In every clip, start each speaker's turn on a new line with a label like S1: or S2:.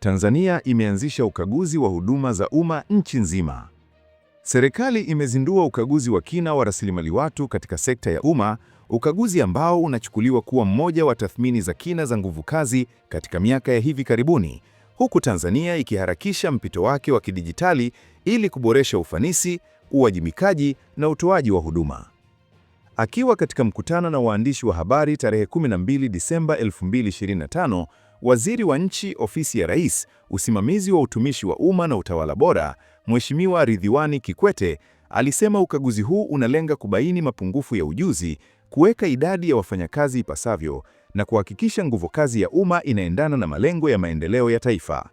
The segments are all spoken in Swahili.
S1: Tanzania imeanzisha ukaguzi wa huduma za umma nchi nzima. Serikali imezindua ukaguzi wa kina wa rasilimali watu katika sekta ya umma, ukaguzi ambao unachukuliwa kuwa mmoja wa tathmini za kina za nguvu kazi katika miaka ya hivi karibuni, huku Tanzania ikiharakisha mpito wake wa kidijitali ili kuboresha ufanisi, uwajibikaji na utoaji wa huduma. Akiwa katika mkutano na waandishi wa habari tarehe 12 Disemba 2025, Waziri wa Nchi, Ofisi ya Rais, Usimamizi wa Utumishi wa Umma na Utawala Bora, Mheshimiwa Ridhiwani Kikwete alisema ukaguzi huu unalenga kubaini mapungufu ya ujuzi, kuweka idadi ya wafanyakazi ipasavyo na kuhakikisha nguvu kazi ya umma inaendana na malengo ya maendeleo ya taifa.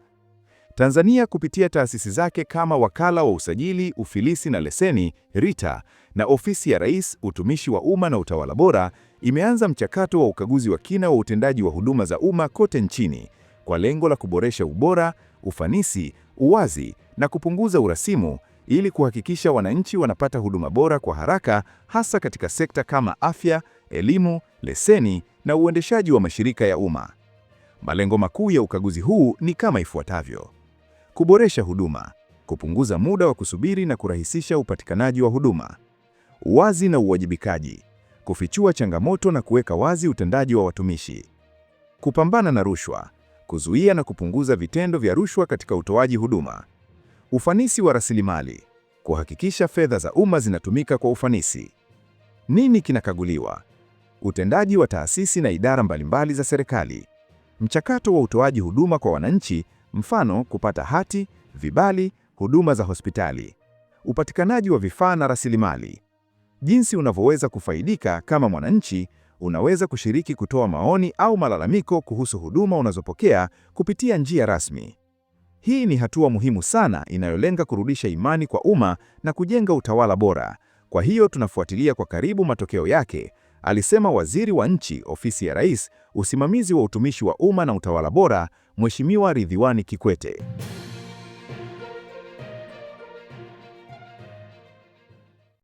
S1: Tanzania kupitia taasisi zake kama Wakala wa Usajili, Ufilisi na Leseni RITA na Ofisi ya Rais, Utumishi wa Umma na Utawala Bora, imeanza mchakato wa ukaguzi wa kina wa utendaji wa huduma za umma kote nchini kwa lengo la kuboresha ubora, ufanisi, uwazi na kupunguza urasimu ili kuhakikisha wananchi wanapata huduma bora kwa haraka, hasa katika sekta kama afya, elimu, leseni na uendeshaji wa mashirika ya umma. Malengo makuu ya ukaguzi huu ni kama ifuatavyo kuboresha huduma, kupunguza muda wa kusubiri na kurahisisha upatikanaji wa huduma. Uwazi na uwajibikaji, kufichua changamoto na kuweka wazi utendaji wa watumishi. Kupambana na rushwa, kuzuia na kupunguza vitendo vya rushwa katika utoaji huduma. Ufanisi wa rasilimali, kuhakikisha fedha za umma zinatumika kwa ufanisi. Nini kinakaguliwa? Utendaji wa taasisi na idara mbalimbali za serikali, mchakato wa utoaji huduma kwa wananchi mfano kupata hati, vibali, huduma za hospitali, upatikanaji wa vifaa na rasilimali. Jinsi unavyoweza kufaidika kama mwananchi, unaweza kushiriki kutoa maoni au malalamiko kuhusu huduma unazopokea kupitia njia rasmi. Hii ni hatua muhimu sana inayolenga kurudisha imani kwa umma na kujenga utawala bora. Kwa hiyo tunafuatilia kwa karibu matokeo yake alisema waziri wa nchi ofisi ya Rais, usimamizi wa utumishi wa umma na utawala bora, Mheshimiwa Ridhiwani Kikwete.